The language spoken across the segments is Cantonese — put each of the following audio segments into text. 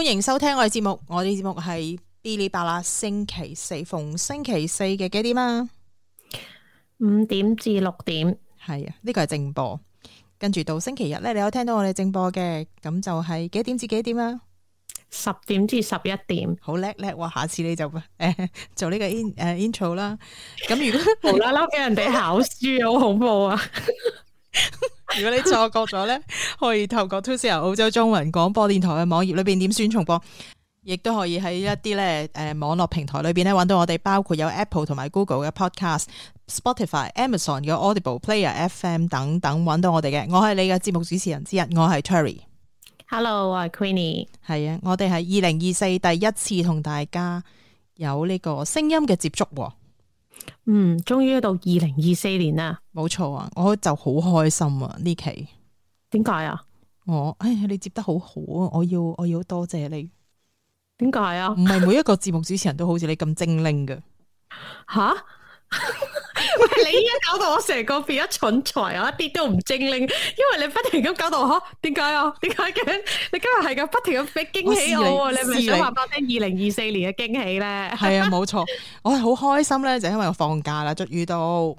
歡迎收聽我哋節目，我哋節目係 Bilibala。星期四逢星期四嘅幾點啊？五點至六點？係啊，呢、這個係正播。跟住到星期日咧，你有聽到我哋正播嘅，咁就係幾點至幾點啊？十點至十一點。好叻叻，哇！下次你就誒、呃、做呢個 in 誒 intro 啦。咁如果無啦啦俾人哋考試， 好恐怖啊！ 如果你錯覺咗咧， 可以透過 2CR 澳洲中文廣播電台嘅網頁裏邊點選重播，亦都可以喺一啲咧誒網絡平台裏邊咧揾到我哋，包括有 Apple 同埋 Google 嘅 Podcast、Spotify、Amazon 嘅 Audible Player、Play er、FM 等等揾到我哋嘅。我係你嘅節目主持人之一，我係 Terry。Hello，我係 Queenie，係啊，我哋係二零二四第一次同大家有呢個聲音嘅接觸。嗯，終於到二零二四年啦，冇錯啊，我就好開心啊呢期，點解啊？我誒、哎，你接得好好啊，我要我要多謝你，點解啊？唔係每一個節目主持人都好似你咁精靈嘅，吓。 你依家搞到我成個變咗蠢材，我一啲都唔精靈，因為你不停咁搞到我。點解啊？點解嘅？你今日係咁不停咁俾驚喜我？我你咪想話聽二零二四年嘅驚喜咧？係啊，冇錯。我係好開心咧，就係、因為我放假啦，終於到。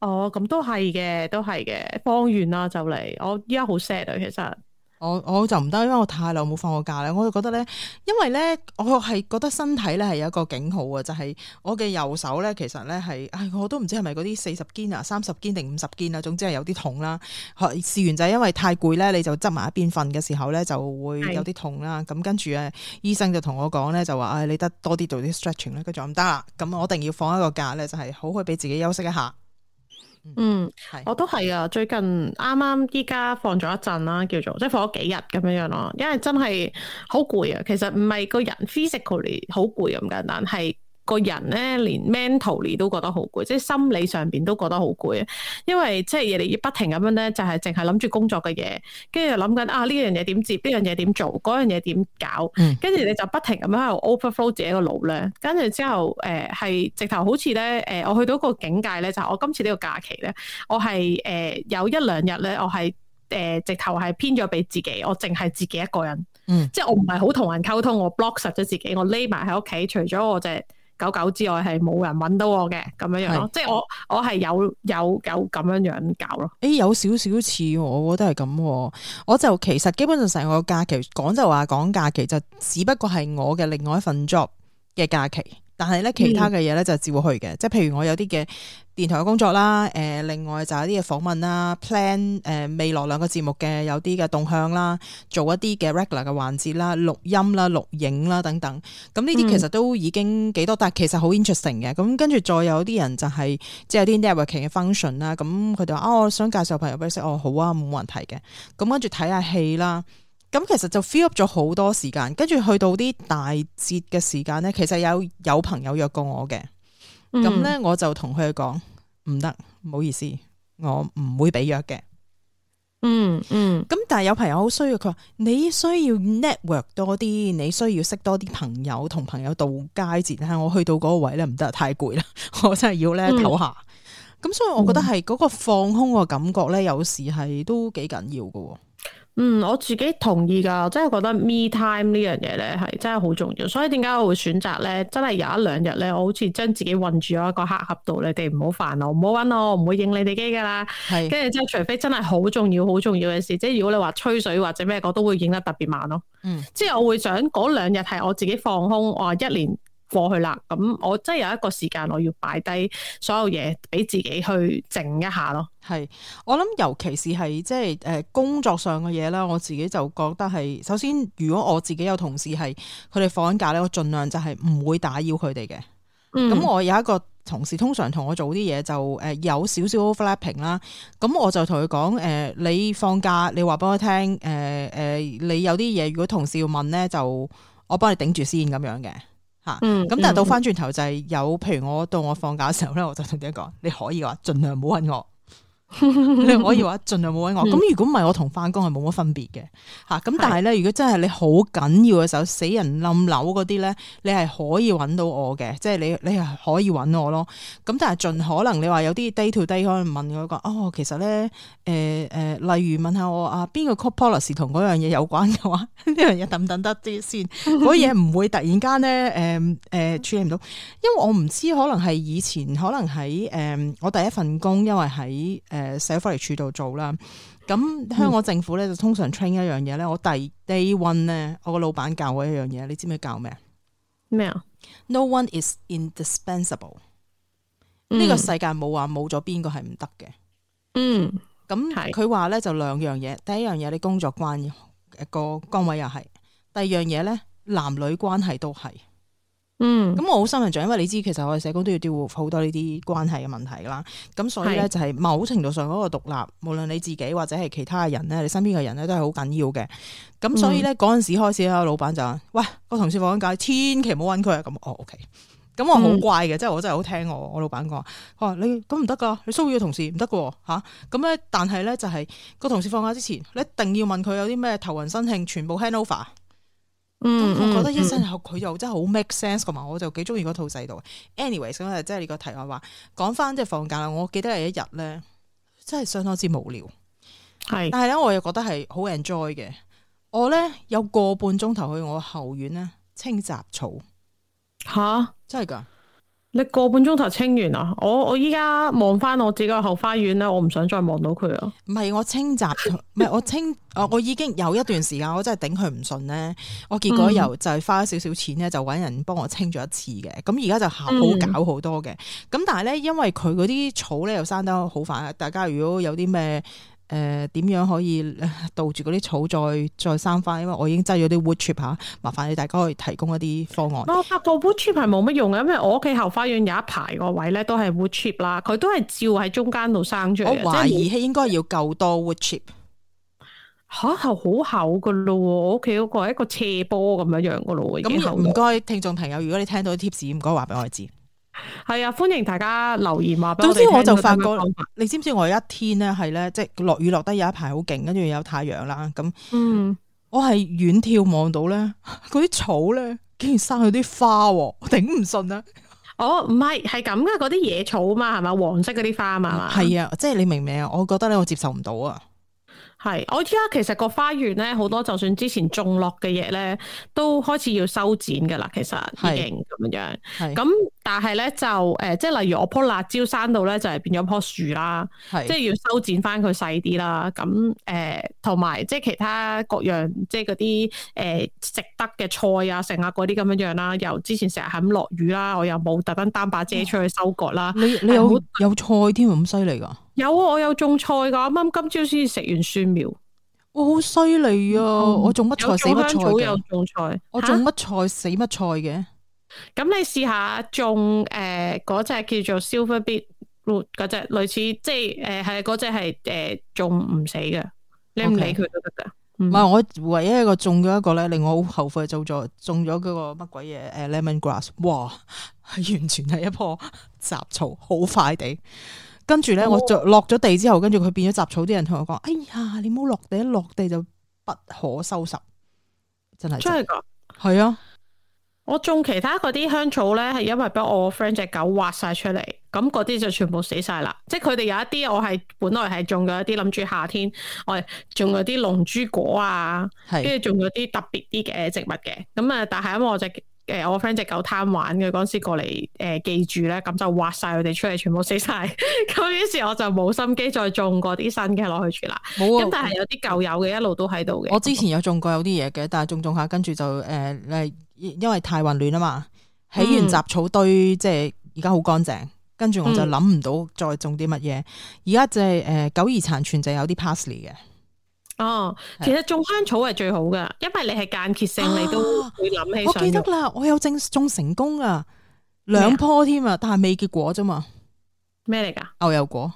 哦，咁都係嘅，都係嘅。放完啦，就嚟。我依家好 sad，啊，其實。我我就唔得，因為我太耐冇放過假咧，我就覺得咧，因為咧，我係覺得身體咧係有一個警號啊，就係、是、我嘅右手咧，其實咧係，唉、哎，我都唔知係咪嗰啲四十肩啊、三十肩定五十肩啊，總之係有啲痛啦。試完就係，因為太攰咧，你就執埋一邊瞓嘅時候咧，就會有啲痛啦。咁跟住咧，醫生就同我講咧，就話唉、哎，你得多啲做啲 stretching 咧，跟住就唔得啦。咁我一定要放一個假咧，就係、是、好去俾自己休息一下。嗯，係，我都係啊，最近啱啱依家放咗一陣啦，叫做即係放咗幾日咁樣樣咯，因為真係好攰啊，其實唔係個人 physically 好攰咁簡單，係。個人咧，連 mentally 都覺得好攰，即係心理上邊都覺得好攰，因為即係人哋要不停咁樣咧，就係淨係諗住工作嘅嘢，跟住諗緊啊呢樣嘢點接，呢樣嘢點做，嗰樣嘢點搞，跟住你就不停咁樣喺度 overflow 自己個腦咧，跟住之後誒係、呃、直頭好似咧誒，我去到個境界咧，就係、我今次呢個假期咧，我係誒、呃、有一兩日咧，我係誒、呃、直頭係偏咗俾自己，我淨係自己一個人，嗯、即係我唔係好同人溝通，我 block 實咗自己，我匿埋喺屋企，除咗我隻。狗狗之外係冇人揾到我嘅，咁樣是樣咯，即係我我係有有有咁樣樣搞咯。誒有少少似，我覺得係咁。我就其實基本上成個假期講就話講假期，就只不過係我嘅另外一份 job 嘅假期。但係咧，其他嘅嘢咧就照會去嘅，即係譬如我有啲嘅電台嘅工作啦，誒、呃、另外就有啲嘅訪問啦，plan 誒、呃、未來兩個節目嘅有啲嘅動向啦，做一啲嘅 regular 嘅環節啦，錄音啦、錄影啦等等，咁呢啲其實都已經幾多，但係其實好 interesting 嘅。咁跟住再有啲人就係、是、即係有啲 networking 嘅 function 啦，咁佢哋話啊，我想介紹朋友俾你識，哦好啊，冇問題嘅，咁跟住睇下戲啦。咁其實就 fill up 咗好多時間，跟住去到啲大節嘅時間咧，其實有有朋友約過我嘅，咁咧、嗯、我就同佢講唔得，唔、嗯、好意思，我唔會俾約嘅、嗯。嗯嗯。咁但係有朋友好需要佢話，你需要 network 多啲，你需要識多啲朋友同朋友度佳節。但係我去到嗰個位咧，唔得，太攰啦， 我真係要咧唞下。咁、嗯、所以我覺得係嗰個放空個感覺咧，有時係都幾緊要噶。嗯，我自己同意噶，我真係覺得 me time 呢樣嘢咧係真係好重要，所以點解我會選擇咧？真係有一兩日咧，我好似將自己困住咗一個黑盒度，你哋唔好煩我，唔好搵我，我唔會影你哋機噶啦。係是，跟住即係除非真係好重要、好重要嘅事，即係如果你話吹水或者咩，我都會影得特別慢咯。嗯，即係我會想嗰兩日係我自己放空，我話一年。過去啦，咁我真係有一個時間，我要擺低所有嘢，俾自己去靜一下咯。係我諗，尤其是係即係誒工作上嘅嘢啦。我自己就覺得係首先，如果我自己有同事係佢哋放緊假咧，我盡量就係唔會打擾佢哋嘅。咁、嗯、我有一個同事，通常同我做啲嘢就誒有少少 flapping 啦。咁我就同佢講誒，你放假你話俾我聽誒誒，你有啲嘢如果同事要問咧，就我幫你頂住先咁樣嘅。吓，咁、嗯嗯、但係到翻轉頭就係、是、有，譬如我到我放假嘅時候咧，我就同你講，你可以嘅話盡量唔好揾我。 你可以話盡量冇揾我，咁、嗯、如果唔係，我同翻工係冇乜分別嘅吓。咁但係咧，如果真係你好緊要嘅時候，死人冧樓嗰啲咧，你係可以揾到我嘅，即、就、係、是、你你係可以揾我咯。咁但係盡可能你話有啲 day to day 可能問我、那個哦，其實咧，誒、呃、誒、呃，例如問下我啊，邊個 c o p l i 同嗰樣嘢有關嘅話，呢 樣嘢等等得啲先，嗰嘢唔會突然間咧，誒、呃、誒、呃、處理唔到，因為我唔知可能係以前可能喺誒、呃、我第一份工，因為喺誒，社福處度做啦。咁香港政府咧就通常 train 一樣嘢咧。我第 day one 咧，我個老闆教我一樣嘢，你知唔知教咩啊？咩啊麼？No one is indispensable。嗯。呢個世界冇話冇咗邊個係唔得嘅。嗯，咁佢話咧就兩樣嘢。第一樣嘢，你工作關一、呃、個崗位又係；第二樣嘢咧，男女關係都係。嗯，咁我好心人做，因為你知其實我哋社工都要 deal 好多呢啲關係嘅問題啦。咁所以咧是就係某程度上嗰個獨立，無論你自己或者係其他人咧，你身邊嘅人咧都係好緊要嘅。咁所以咧嗰陣時開始咧，老闆就話，喂，個同事放緊假，千祈唔好揾佢啊。咁、哦 okay、我 o 咁我好怪嘅，嗯、即係我真係好聽我老闆講。我話你咁唔得㗎，你騷擾個同事唔得㗎喎嚇。咁咧、啊，但係咧就係、是、個同事放假之前，你一定要問佢有啲咩頭暈身慶，全部 hand over。嗯，嗯我覺得、嗯、我一陣佢又真係好 make sense，同埋我就幾中意嗰套制度。Anyways，咁即係你個題外話講翻即係放假啦。我記得有一日咧，真係相當之無聊。係是，但係咧我又覺得係好 enjoy 嘅。我咧有個半鐘頭去我後院咧清雜草。吓哈，真係噶。你個半鐘頭清完啊！我我依家望翻我自己個後花園咧，我唔想再望到佢啊！唔係我清雜，唔係我清，我 我已經有一段時間我真係頂佢唔順咧，我結果又就係花咗少少錢咧就搵人幫我清咗一次嘅，咁而家就好搞好多嘅。咁 但係咧，因為佢嗰啲草咧又生得好快，大家如果有啲咩？誒，點、呃、樣可以倒住嗰啲草再再生翻？因為我已經擠咗啲 woodchip 吓，麻煩你大家可以提供一啲方案。我發覺 woodchip 係冇乜用嘅，因為我屋企後花園有一排個位咧都係 woodchip 啦，佢都係照喺中間度生出嚟。我懷疑應該要夠多 woodchip。吓，好厚噶咯，我屋企嗰個係一個斜坡咁樣樣噶咯，已經那。唔該，聽眾朋友，如果你聽到啲 tips，唔該話俾我知。係啊，歡迎大家留言話俾。總之我就發覺，你知唔知我有一天咧係咧，即係落雨落得有一排好勁，跟住有太陽啦。咁，嗯、我係遠眺望到咧，嗰啲草咧竟然生咗啲花，我頂唔順啊！我唔係係咁噶嗰啲野草啊嘛，係嘛黃色嗰啲花啊嘛，係嘛，係啊，即係你明唔明啊？我覺得咧，我接受唔到啊。係，我而家其實個花園咧，好多就算之前種落嘅嘢咧，都開始要修剪噶啦。其實已經咁樣。咁但係咧就誒，即、呃、係例如我棵辣椒生到咧，就係變咗樖樹啦。是即係要修剪翻佢細啲啦。咁誒同埋即係其他各樣即係嗰啲誒食得嘅菜啊、剩啊嗰啲咁樣樣啦。由之前成日係咁落雨啦，我又冇特登擔把遮出去收割啦、哦。你你有、嗯、有菜添咁犀利噶～有啊、哦，我有種菜噶，啱啱今朝先食完蒜苗，哇好犀利啊！嗯、我種乜菜死乜菜嘅，我種乜菜蛤死乜菜嘅。咁你試下種誒嗰隻叫做 silver bit root 嗰隻類似即係誒係嗰隻係誒種唔、呃、死嘅，你唔理佢都得噶。唔係 Okay.、嗯、我唯一一個種咗一個咧令我好後悔做，做咗種咗嗰個乜鬼嘢誒、uh, lemon grass，哇係完全係一棵雜草，好快地。跟住咧，哦、我就落咗地之後，跟住佢變咗雜草。啲人同我講，哎呀，你冇落地，一落地就不可收拾，真係真係噶，係啊！我種其他嗰啲香草咧，係因為俾我個 friend 隻狗挖晒出嚟，咁嗰啲就全部死晒啦。即係佢哋有一啲，我係本來係種咗一啲諗住夏天，我種咗啲龍珠果啊，跟住種咗啲特別啲嘅植物嘅。咁啊，但係因為我只。誒，我 friend 隻狗貪玩嘅，嗰時過嚟誒、呃、記住咧，咁就挖晒佢哋出嚟，全部死晒。咁 於是我就冇心機再種過啲新嘅落去住啦。冇、啊。咁但係有啲舊有嘅一路都喺度嘅。我之前有種過有啲嘢嘅，但係種種下跟住就誒、呃，因為太混亂啊嘛，起完雜草堆，嗯、即係而家好乾淨，跟住我就諗唔到再種啲乜嘢。嗯，就是呃、狗而家就係誒，苟延殘喘就有啲 parsley 嘅。哦，其實種香草係最好噶，因為你係間歇性，啊、你都會諗起上我記得啦，我有種種成功啊，兩棵添啊，麼但係未結果啫嘛。咩嚟噶？牛油果？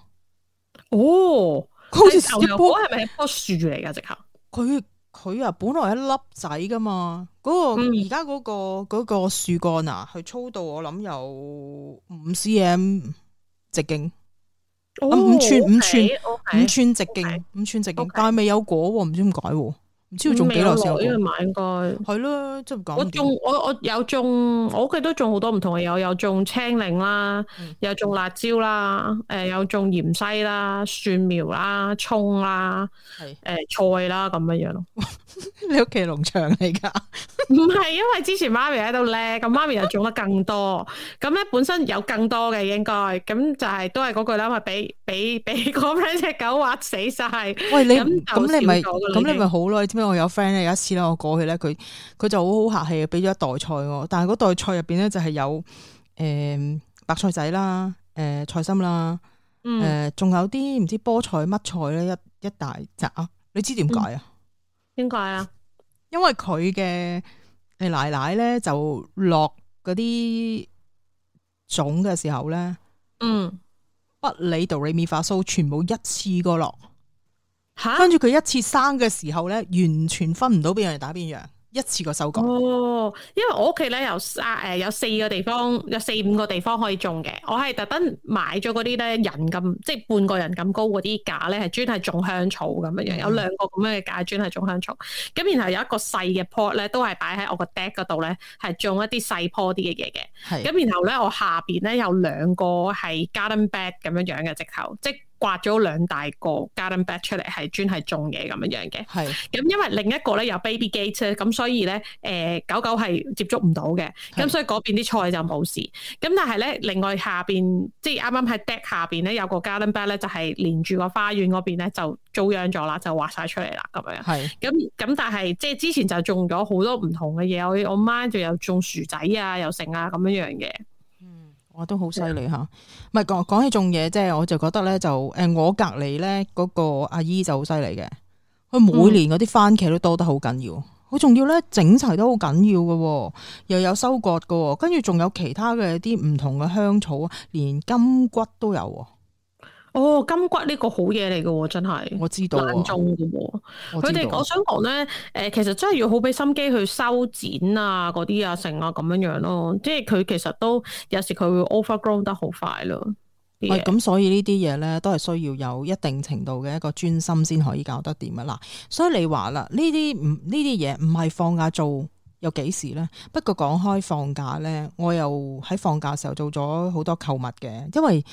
哦，好似牛油果係咪一棵樹嚟噶直頭？佢佢啊，本來一粒仔噶嘛，嗰、嗰個而家嗰個嗰、嗰個樹幹啊，佢粗到我諗有五 cm 直徑。五寸五寸五寸直徑五寸直徑，但係未有果，唔知點解，唔知要種幾耐先有果。係咯，即係唔講。我種我我有種，我屋企都種好多唔同嘅，有有種青檸啦，嗯、有種辣椒啦，誒、嗯，又、呃、種芫茜啦、蒜苗啦、蔥啦，係誒、呃、的菜啦咁樣樣咯。 你屋企農場嚟噶？唔係，因為之前媽咪喺度叻，咁媽咪又種得更多，咁咧 本身有更多嘅應該，咁就係都係嗰句啦，咪俾俾俾嗰 f 隻狗挖死晒。喂，你咁你咪咁你咪的好耐？你知唔知我有 friend 咧？有一次咧，我過去咧，佢佢就好好客氣，俾咗一袋菜，但係嗰袋菜入邊咧就係有誒、呃、白菜仔啦，誒、呃、菜心啦，誒、呃、仲有啲唔知菠菜乜菜咧，一一大扎，啊。你知點解啊？嗯應該啊，因為佢嘅奶奶咧就落嗰啲種嘅時候咧，嗯，不理 do re mi fa so 全部一次過落，吓蛤，跟住佢一次生嘅時候咧，完全分唔到邊樣打邊樣。一次過收工，哦，因為我屋企咧有三誒有四個地方，有四五個地方可以種嘅。我係特登買咗嗰啲咧人咁，即係半個人咁高嗰啲架咧，係專係種香草咁樣樣。有兩個咁樣嘅架，專係種香草。咁然後有一個細嘅 pot 咧，都係擺喺我個 bed 嗰度咧，係種一啲細坡啲嘅嘢嘅。咁的然後咧，我下邊咧有兩個係 garden bag 咁樣樣嘅直頭即。刮咗兩大個 garden bed 出嚟，係專係種嘢咁樣樣嘅。係是。咁、嗯、因為另一個咧有 baby gate 咧，咁所以咧誒、呃、狗狗係接觸唔到嘅。咁是、嗯、所以嗰邊啲菜就冇事。咁但係咧，另外下邊即係啱啱喺 deck 下邊咧有個 garden bed 咧，就係、是、連住個花園嗰邊咧就遭殃咗啦，就挖晒出嚟啦咁樣。係是。咁咁、嗯嗯、但係即係之前就種咗好多唔同嘅嘢，我我媽就有種薯仔啊，又剩啊咁樣樣嘅。我都好犀利吓，唔係講，講起種嘢，即係我就覺得咧就，誒，我隔籬咧嗰個阿姨就好犀利嘅，佢每年嗰啲番茄都多得好緊要，好重要咧，整齊都好緊要嘅，又有收割㗎，跟住仲有其他嘅啲唔同嘅香草，連金骨都有。哦，金骨呢個好嘢嚟嘅，真係，我知道啊、難種嘅。佢哋、啊，我想講咧，誒，其實真係要好俾心機去修剪啊，嗰啲啊，成啊，咁樣樣咯。即係佢其實都有時佢會 overgrown 得好快咯。係，咁所以呢啲嘢咧，都係需要有一定程度嘅一個專心先可以搞得掂啊。嗱，所以你話啦，呢啲唔呢啲嘢唔係放假做有幾時咧？不過講開放假咧，我又喺放假嘅時候做咗好多購物嘅，因為。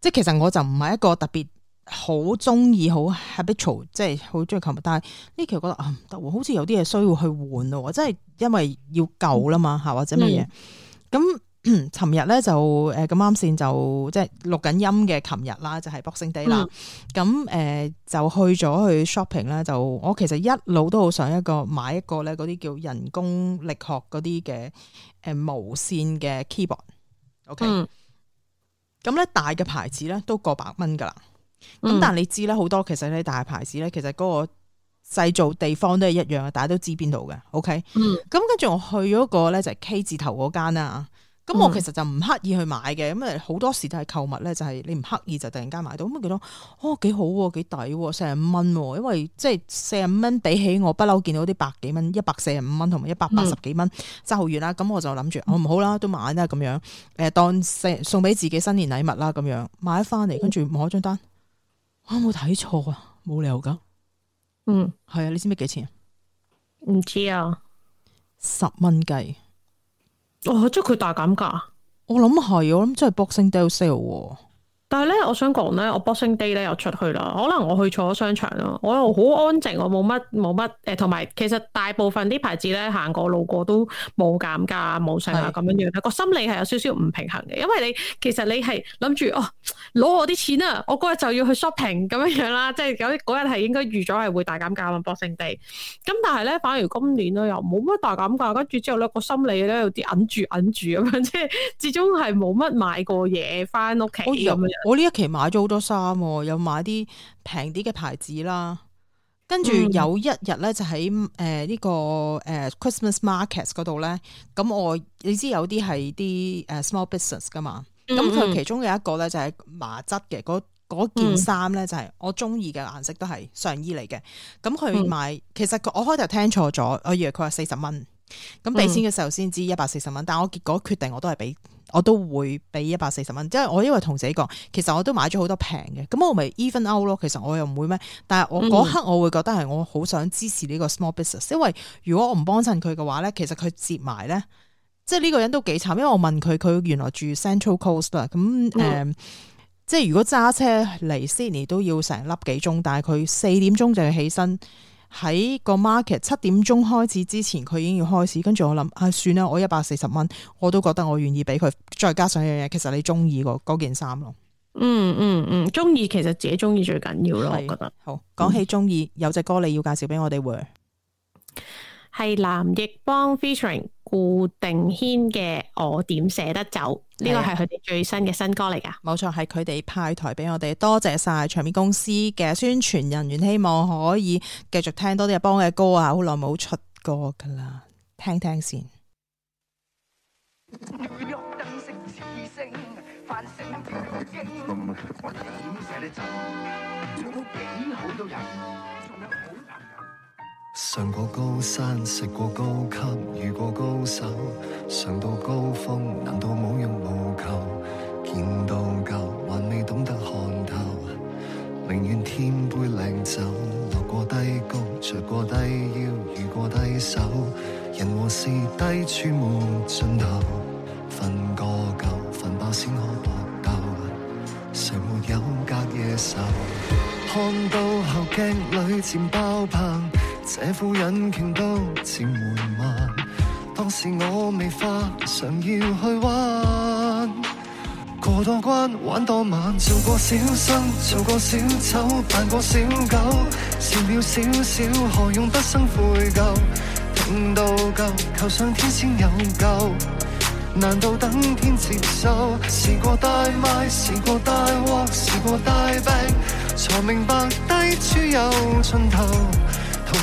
即係其實我就唔係一個特別好中意好 habitual，即係好中意購物，但係呢期覺得啊唔得，好似有啲嘢需要去換咯，即係因為要舊啦嘛，係或者乜嘢。咁尋、嗯、日咧就誒咁啱先就即係錄緊音嘅，琴日啦就係 Boxing Day 啦。咁誒、呃、就去咗去 shopping 咧，就我其實一路都好想一個買一個咧，嗰啲叫人工力學嗰啲嘅誒無線嘅 keyboard，ok、okay? 嗯。咁咧大嘅牌子咧都過百蚊噶啦，咁、嗯、但係你知咧好多其實咧大牌子咧其實嗰個製造地方都係一樣嘅，大家都知邊度嘅，OK？咁跟住我去咗個咧就係 K 字頭嗰間啦。咁我其實就唔刻意去買嘅，咁誒好多時都係購物咧，就係、是、你唔刻意就突然間買到咁幾多，哦幾好，幾抵，四十五蚊，因為,、哦啊啊啊、因為即係四十五蚊比起我不嬲見到啲百幾蚊、一百四十五蚊同埋一百八十幾蚊，爭好遠啦，咁我就諗住我唔好啦，都買啦咁樣，誒當送送俾自己新年禮物啦咁樣，買翻嚟跟住摸張單，嗯哦、我冇睇錯啊，冇理由噶，嗯係啊，你知唔知幾錢？唔知啊，十蚊雞。哦，即係佢大減價，我諗係、啊，我諗真係 Boxing Day sale。但係咧，我想講咧，我 boxing day 咧又出去啦，可能我去錯咗商場咯，我又好安靜，我冇乜冇乜誒，同埋、呃、其實大部分啲牌子咧行過路過都冇減價冇成啊咁樣樣，個心理係有少少唔平衡嘅。因為你其實你係諗住哦攞我啲錢啊，我嗰日就要去 shopping 咁樣樣啦，即係有嗰日係應該預咗係會大減價咯 boxing day。咁但係咧反而今年咧又冇乜大減價，跟住之後咧個心理咧有啲揞住揞住咁樣，即係始終係冇乜買過嘢翻屋企咁樣。哎我呢、哦、一期買咗好多衫，有買啲平啲嘅牌子啦。跟住、嗯、有一日咧，就喺誒呢個誒、呃、Christmas markets 嗰度咧。咁我你知有啲係啲誒 small business 噶嘛？咁佢、嗯、其中有一個咧就係麻質嘅嗰件衫咧，嗯、就係我中意嘅顏色都係上衣嚟嘅。咁佢買、嗯、其實佢我開頭聽錯咗，我以為佢話四十蚊。咁俾錢嘅時候先知一百四十蚊，嗯、但我結果決定我都係俾，我都會俾一百四十蚊。即係我因為同自己講，其實我都買咗好多平嘅，咁我咪 even out 咯。其實我又唔會咩，但係我嗰、嗯、刻我會覺得係我好想支持呢個 small business，因為如果我唔幫襯佢嘅話咧，其實佢接埋咧，即係呢個人都幾慘。因為我問佢，佢原來住 Central Coast 啦、嗯，咁誒、嗯，即係如果揸車嚟 Sydney 都要成粒幾鐘，但係佢四點鐘就要起身。喺個 market 七點鐘開始之前，佢已經要開始。跟住我諗，啊，算啦，我一百四十蚊，我都覺得我願意俾佢。再加上一樣嘢，其實你中意嗰件衫咯，嗯。嗯嗯嗯，中意其實自己中意最緊要咯，是我覺得。好，講起中意，嗯、有隻歌你要介紹俾我哋會係藍奕邦 featuring。胡定軒嘅我點捨得走，呢個係佢哋最新嘅新歌嚟噶。冇錯，係佢哋派台俾我哋。多謝晒唱片公司嘅宣傳人員，希望可以繼續聽多啲阿邦嘅歌啊！好耐冇出歌噶啦，聽聽先。上過高山，食過高級，遇過高手，上到高峰，難道冇人冇求？見到舊，還未懂得看透，寧願添杯靚酒。落過低谷，着過低腰，遇過低手，人和事低處沒盡頭。瞓個夠，瞓飽先可搏鬥，誰沒有隔夜愁？ 看到後鏡裏漸爆棚。這副引擎都漸緩慢，當時我未發，常要去玩。過多關，玩多晚，做過小生，做過小丑，扮過小狗，試了少少，何用不生悔疚？聽到夠，求上天先有救。難道等天接受？試過大賣，試過大禍，試過大病，才明白低處有盡頭。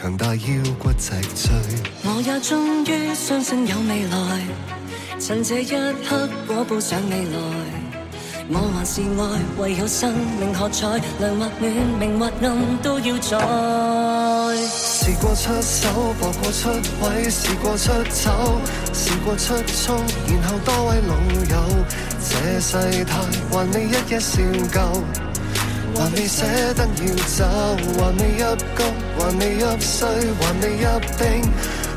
強大腰骨脊椎，我也終於相信有未來。趁這一刻我報上未來，我還是愛，唯有生命喝彩，涼或暖，明或暗都要在。試過出手，搏過出位，試過出走，試過出錯，然後多位老友，這世態還你一一笑夠。還未捨得要走，還未入谷，還未入睡，還未入定，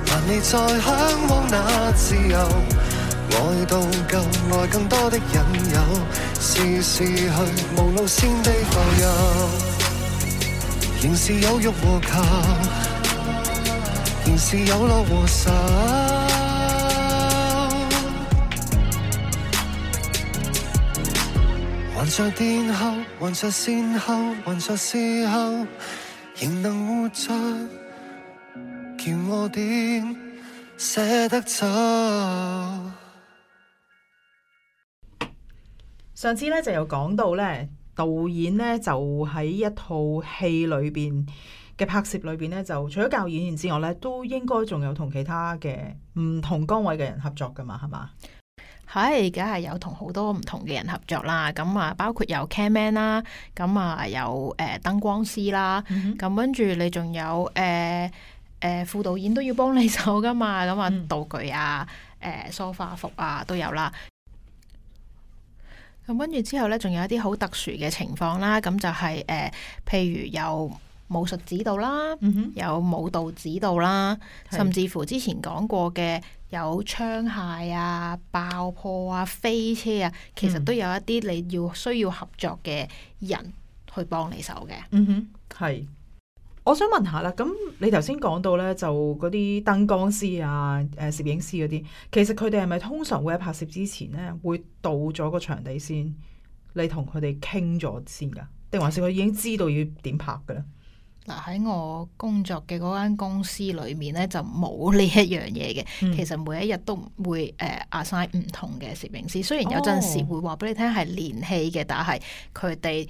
還未再嚮往那自由。愛到夠，愛更多的引誘，是試去無路線地浮遊，仍是有欲和求，仍是有樂和愁。着仍能活我得走？上次咧就有講到咧，導演咧就喺一套戲裏邊嘅拍攝裏邊咧，就除咗教演員之外咧，都應該仲有同其他嘅唔同崗位嘅人合作噶嘛，係嘛？吓，而家係有同好多唔同嘅人合作啦，咁啊，包括有 cameraman 啦，咁啊，有誒燈光師啦，咁跟住你仲有誒誒、呃呃、副導演都要幫你手噶嘛，咁啊道具啊，誒、呃、梳化服啊都有啦。咁跟住之後咧，仲有一啲好特殊嘅情況啦，咁就係、是、誒、呃，譬如有。武術指導啦，嗯、哼有舞蹈指導啦，是甚至乎之前講過嘅有槍械啊、爆破啊、飛車啊，其實都有一啲你要需要合作嘅人去幫你手嘅。嗯哼，係。我想問下啦，咁你頭先講到咧，就嗰啲燈光師啊、誒攝影師嗰啲，其實佢哋係咪通常會喺拍攝之前咧，會到咗個場地先，你同佢哋傾咗先噶，定還是佢已經知道要點拍嘅咧？嗱喺我工作嘅嗰間公司裏面咧，就冇呢一樣嘢嘅。嗯、其實每一日都會誒 assign 唔同嘅攝影師，雖然有陣時會話俾你聽係連戲嘅，哦、但係佢哋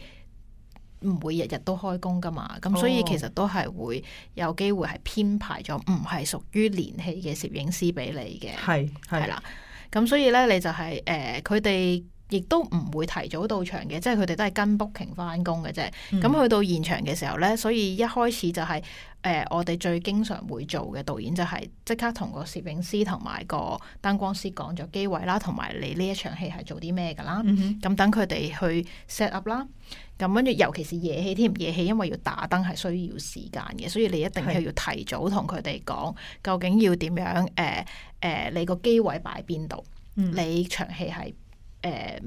唔會日日都開工噶嘛。咁所以其實都係會有機會係編排咗唔係屬於連戲嘅攝影師俾你嘅。係係、哦、啦，咁所以咧你就係誒佢哋。呃亦都唔會提早到場嘅，即係佢哋都係跟 booking 翻工嘅啫。咁、嗯、去到現場嘅時候咧，所以一開始就係、是、誒、呃，我哋最經常會做嘅導演就係即刻同個攝影師同埋個燈光師講咗機位啦，同埋你呢一場戲係做啲咩噶啦。咁、嗯、哼等佢哋去 set up 啦。咁跟住，尤其是夜戲添，夜戲因為要打燈係需要時間嘅，所以你一定係要提早同佢哋講究竟要點樣誒誒、呃呃，你個機位擺邊度，嗯、你場戲係。誒、呃、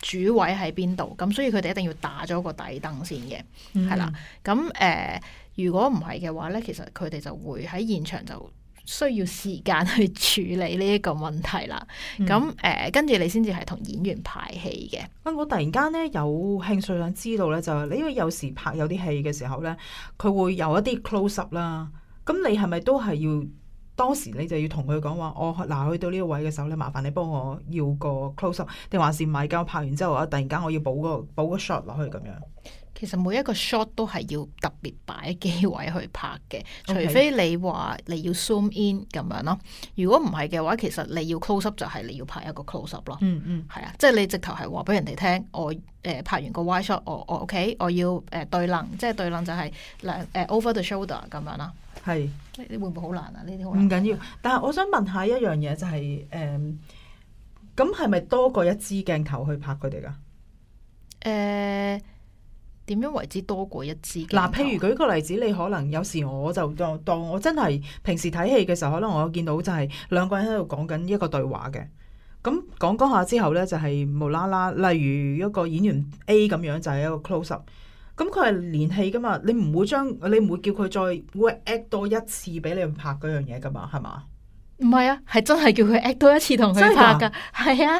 主位喺邊度？咁所以佢哋一定要打咗個底燈先嘅，係啦、嗯。咁誒、呃，如果唔係嘅話咧，其實佢哋就會喺現場就需要時間去處理呢一個問題啦。咁誒，呃、跟住你先至係同演員排戲嘅。啊、嗯，我突然間咧有興趣想知道咧，就係你因為有時拍有啲戲嘅時候咧，佢會有一啲 close up 啦，咁你係咪都係要？當時你就要同佢講話，我嗱去到呢個位嘅時候，你麻煩你幫我要個 close up，定還是賣街拍完之後啊，突然間我要補個補個 shot 落去咁樣。其實每一個 shot 都係要特別擺機位去拍嘅，Okay. 除非你話你要 zoom in 咁樣咯。如果唔係嘅話，其實你要 close up 就係你要拍一個 close up 咯。嗯嗯，係啊，即係你直頭係話俾人哋聽，我誒、呃、拍完個 wide shot，我我 OK，我要誒、呃、對稜，即係對稜就係兩誒 over the shoulder 咁樣啦。係，你會唔會好難啊？呢啲好唔緊要， 但係我想問下一樣嘢，就係誒，咁係咪多過一支鏡頭去拍佢哋噶？誒、呃，點樣為之多過一支？嗱、啊，譬如舉個例子，你可能有時我就當當我真係平時睇戲嘅時候，可能我見到就係兩個人喺度講緊一個對話嘅，咁講講下之後咧，就係無啦啦，例如一個演員 A 咁樣就係一個 close up。咁佢係連戲噶嘛？你唔會將你唔會叫佢再會 act 多一次俾你去拍嗰樣嘢噶嘛？係嘛？唔係啊，係真係叫佢 act 多一次同佢拍噶。係啊，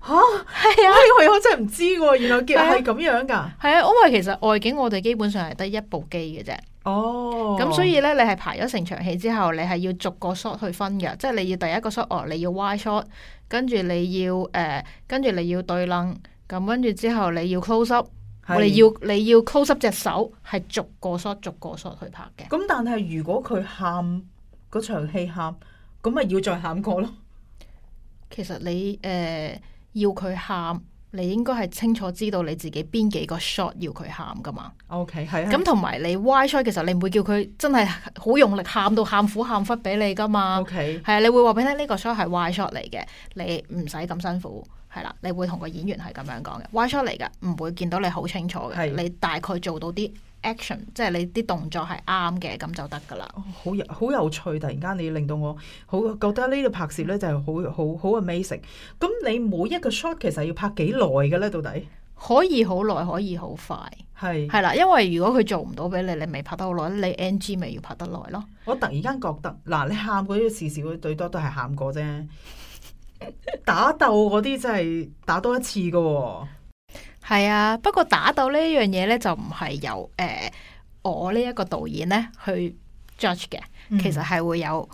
吓、哦、係啊、 哎，我真係唔知、啊，原來叫係咁樣噶。係啊，啊，因為其實外景我哋基本上係得一部機嘅啫。哦，咁所以咧，你係排咗成場戲之後，你係要逐個 shot 去分嘅，即係你要第一個 shot 哦，你要 wide shot，跟住你要誒，跟、呃、住你要對愣，咁跟住之後你要 close up。我哋是要你要 close up 隻手，係逐個 shot 逐個 shot 去拍嘅。咁但係如果佢喊嗰場戲喊，咁咪要再喊過咯。其實你誒、呃、要佢喊，你應該係清楚知道你自己邊幾個 shot 要佢喊噶嘛。OK，係啊。咁同埋你 wide shot 嘅時候，你唔會叫佢真係好用力喊到喊苦喊忽俾你噶嘛。OK，係啊，你會話俾佢聽呢個 shot 係 wide shot 嚟嘅，你唔使咁辛苦。係啦，你會同個演員係咁樣講嘅 wide shot 嚟噶，唔會見到你好清楚嘅，係，你大概做到啲 action，即係你啲動作係啱嘅，咁就得噶啦。哦，好有好有趣，突然間你令到我好覺得呢個拍攝咧就係好好好 amazing。咁你每一個 shot 其實要拍幾耐嘅咧？到底？可以好耐，可以好快，係係啦，因為如果佢做唔到俾你，你咪拍得好耐，你 NG 咪要拍得耐咯。我突然間覺得嗱，你喊過少少，最多都係喊過啫。 打鬥嗰啲真係打多一次噶。哦，係啊。不過打鬥呢樣嘢咧，就唔係由誒、呃、我呢一個導演咧去 judge 嘅，其實係會有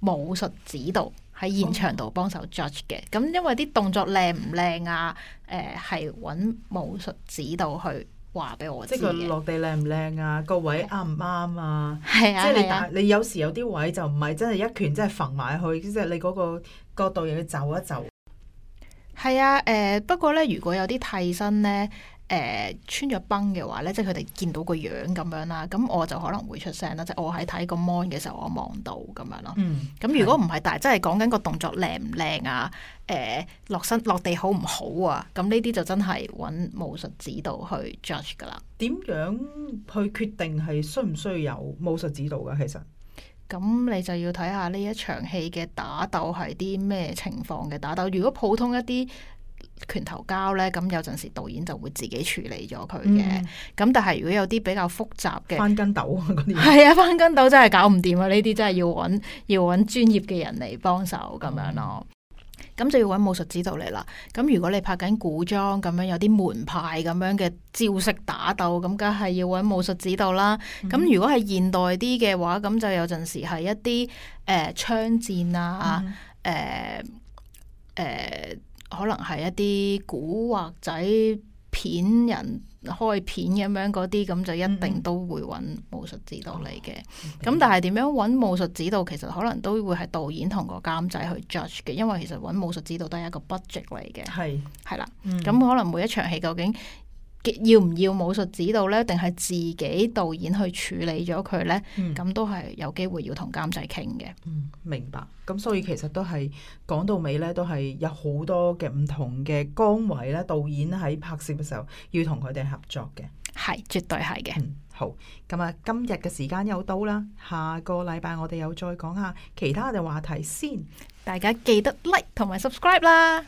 武術指導喺現場度幫手 judge 嘅。咁、嗯、因為啲動作靚唔靚啊？誒、呃，係揾武術指導去。話俾我知，即係佢落地靚唔靚啊，是的 個位啱唔啱啊？是的 即係你打你有時有啲位就唔係真係一拳真係揈埋去，即係你嗰個角度又要走一走。係啊，誒，呃，不過咧，如果有啲替身咧。誒、呃、穿咗崩嘅話咧，即係佢哋見到個樣咁樣啦。咁我就可能會出聲啦。即係我喺睇個 mon 嘅時候，我望到咁樣咯。咁如果唔係，但係真係講緊個動作靚唔靚啊？誒、呃、落身落地好唔好啊？咁呢啲就真係搵武術指導去 judge 噶啦。點樣去決定係需唔需要有武術指導嘅？其實咁你就要睇下呢一場戲嘅打鬥係啲咩情況嘅打鬥。如果普通一啲。拳頭交咧，咁有陣時導演就會自己處理咗佢嘅。咁、嗯、但係如果有啲比較複雜嘅翻筋斗嗰啲，係啊，翻筋斗真係搞唔掂啊！呢啲真係要揾，要揾專業嘅人嚟幫手咁樣咯。咁就要揾武術指導嚟啦。咁如果你拍緊古裝咁樣有啲門派咁樣嘅招式打鬥，咁梗係要揾武術指導啦。咁、嗯、如果係現代啲嘅話，咁就有陣時係一啲誒，槍戰啊，誒、誒、嗯。啊、呃、呃、呃可能係一啲古惑仔片人開片咁樣嗰啲，咁就一定都會揾武術指導嚟嘅。咁、嗯、但係點樣揾武術指導，其實可能都會係導演同個監製去 judge 嘅，因為其實揾武術指導都係一個 budget 嚟嘅。係係啦，咁的、嗯、可能每一場戲究竟。要唔要武術指導呢？定係自己導演去處理咗佢呢？咁、嗯、都係有機會要同監製傾嘅。嗯，明白。咁所以其實都係講到尾呢，都係有好多嘅唔同嘅崗位咧，導演喺拍攝嘅時候要同佢哋合作嘅。係，絕對係嘅、嗯。好。咁啊，今日嘅時間又到啦，下個禮拜我哋又再講下其他嘅話題先。大家記得 like 同埋 subscribe 啦。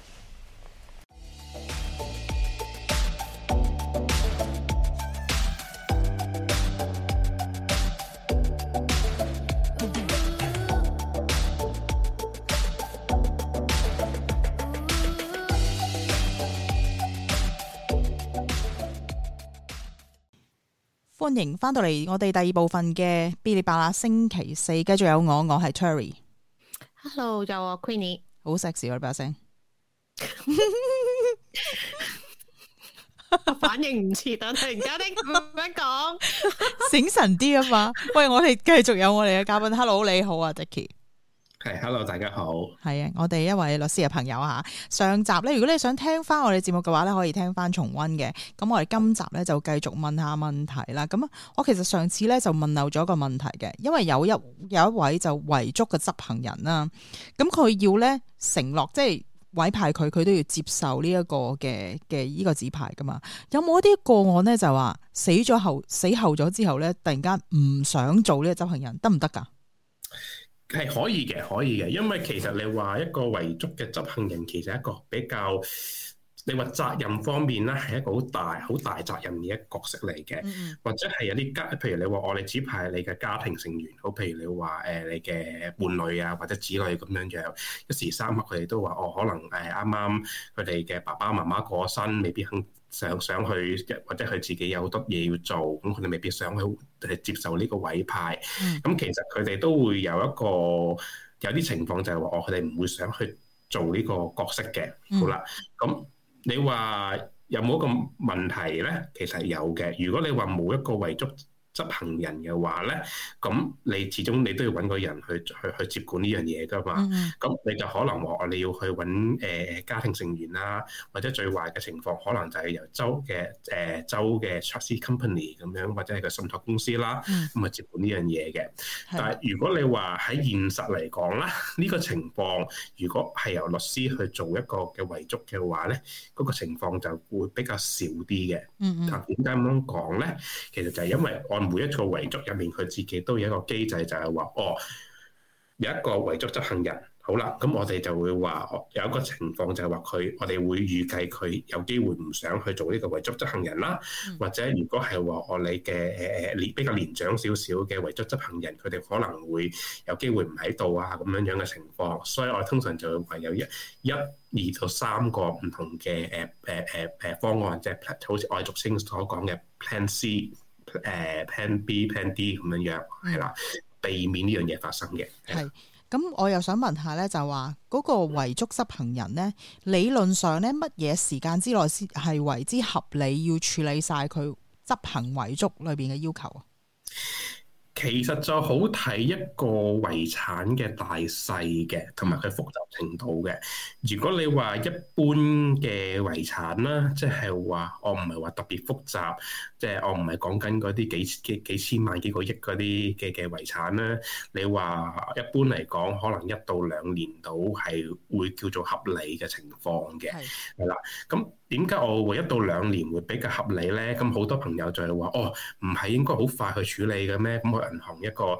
歡迎翻到嚟我哋第二部分嘅嗶哩吧啦，星期四繼續有我，我係 Terry。Hello，就 Queen 我 Queenie，好 sexy 呢把聲，反應唔切啊！突然家啲咁樣講， 醒神啲啊嘛！喂，我哋繼續有我哋嘅嘉賓，Hello，你好啊，Dicky。Dick hey, hello 大家好。係啊，我哋一位律師嘅朋友吓。上集咧，如果你想聽翻我哋節目嘅話咧，可以聽翻重温嘅。咁我哋今集咧就繼續問下問題啦。咁啊，我其實上次咧就問漏咗一個問題嘅，因為有一有一位就遺囑嘅執行人啦。咁佢要咧承諾，即係委派佢，佢都要接受呢一個嘅嘅呢個指牌噶嘛？有冇一啲個案咧就話死咗後死後咗之後咧，突然間唔想做呢個執行人，得唔得噶？係可以嘅，可以嘅，因為其實你話一個遺囑嘅執行人其實一個比較，你話責任方面咧係一個好大、好大責任嘅一個角色嚟嘅，嗯、或者係有啲家，譬如你話我哋只派你嘅家庭成員，好譬如你話誒、呃、你嘅伴侶啊或者子女咁樣樣，一時三刻佢哋都話哦，可能誒啱啱佢哋嘅爸爸媽媽過身，未必肯。想想去，或者佢自己有好多嘢要做，咁佢哋未必想去誒接受呢個委派。咁其實佢哋都會有一個有啲情況，就係話我佢哋唔會想去做呢個角色嘅。好啦，咁你話有冇一個問題咧？其實有嘅。如果你話冇一個遺囑。執行人嘅話咧，咁你始終你都要揾個人去去去接管呢樣嘢噶嘛。咁 Okay. 你就可能話，我你要去揾、呃、家庭成員啦，或者最壞嘅情況，可能就係由州嘅誒、呃、州嘅 trust company 咁樣，或者係個信託公司啦，咁啊 Okay. 接管呢樣嘢嘅。但係如果你話喺現實嚟講啦，呢、這個情況如果係由律師去做一個嘅遺囑嘅話咧，嗰、那個情況就會比較少啲嘅。嗯，但點解咁樣講咧？其實就係因為我。每一個遺囑入面，佢自己都有一個機制，就係話，哦，有一個遺囑執行人，好啦，咁我哋就會話，有一個情況就係話佢，我哋會預計佢有機會唔想去做呢個遺囑執行人啦，嗯、或者如果係話我哋嘅誒誒年比較年長少少嘅遺囑執行人，佢哋可能會有機會唔喺度啊咁樣樣嘅情況，所以我通常就會話有一一二到三個唔同嘅誒誒誒誒方案，即係好似愛族星所講嘅 Plan C。誒、呃、plan B plan D 咁樣樣係啦，的避免呢樣嘢發生嘅係咁。的的我又想問下咧，就話、是、嗰、那個遺囑執行人咧，理論上咧乜嘢時間之內先係為之合理要處理晒佢執行遺囑裏邊嘅要求啊？其實就好睇一個遺產嘅大細嘅，同埋佢複雜程度嘅。如果你話一般嘅遺產啦，即係話我唔係話特別複雜，即係我唔係講緊嗰啲幾幾幾千萬幾個億嗰啲嘅嘅遺產咧，你話一般嚟講，可能一到兩年到係會叫做合理嘅情況嘅，係啦。咁點解我會一到兩年會比較合理咧？咁好多朋友就係話：哦，唔係應該好快去處理嘅咩？咁去銀行一個誒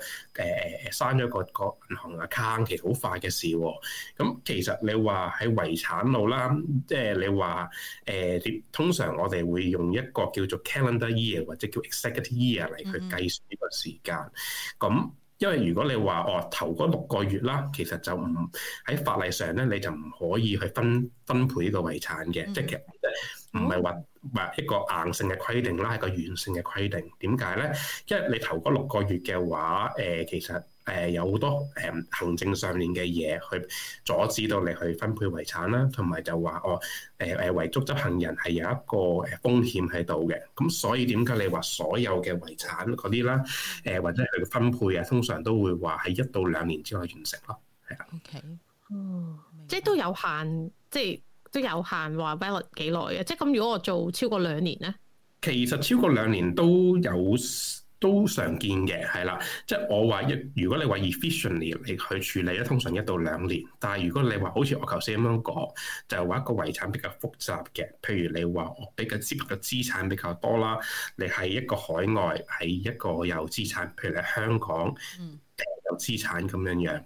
刪咗一個個銀行 account 其實好快嘅事喎。咁其實你話喺遺產路啦，即係你話誒，通常我哋會用一個叫做 calendar。Year, 或者叫 executive year 嚟去計算呢個時間，咁、嗯、因為如果你話哦，頭嗰六個月啦，其實就唔喺法例上咧，你就唔可以去分分配呢個遺產嘅，嗯、即係其實唔係話話一個硬性嘅規定啦，係個軟性嘅規定。點解咧？因為你頭嗰六個月嘅話，誒、呃、其實。誒、呃、有好多誒、呃、行政上面嘅嘢去阻止到你去分配遺產啦，同埋就話哦誒誒遺囑執行人係有一個誒風險喺度嘅，咁所以點解你話所有嘅遺產嗰啲啦，誒、呃、或者佢個分配啊，通常都會話喺一到兩年之內完成咯，係啊。OK. 哦，即係都有限，即係都有限話 valid 幾耐嘅，即係咁如果我做超過兩年咧，其實超過兩年都有。都常見嘅，係啦，即係我話一，如果你話 efficiently 嚟嚟去處理咧，通常一到兩年。但係如果你話好似我頭先咁樣講，就話一個遺產比較複雜嘅，譬如你話我比較積嘅資產比較多啦，你係一個海外，係一個有資產，譬如你喺香港，嗯、有資產咁樣樣。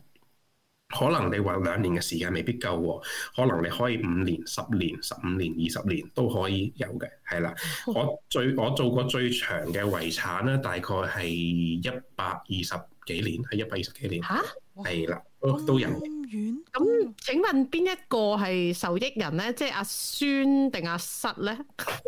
可能你話兩年嘅時間未必夠喎，可能你可以五年、十年、十五年、二十年都可以有嘅，係啦。 我最我做過最長嘅遺產咧，大概係一百二十幾年，係一百二十幾年。嚇！係啦，都有。都 咁，請問邊一個係受益人咧？即係阿孫定阿失咧？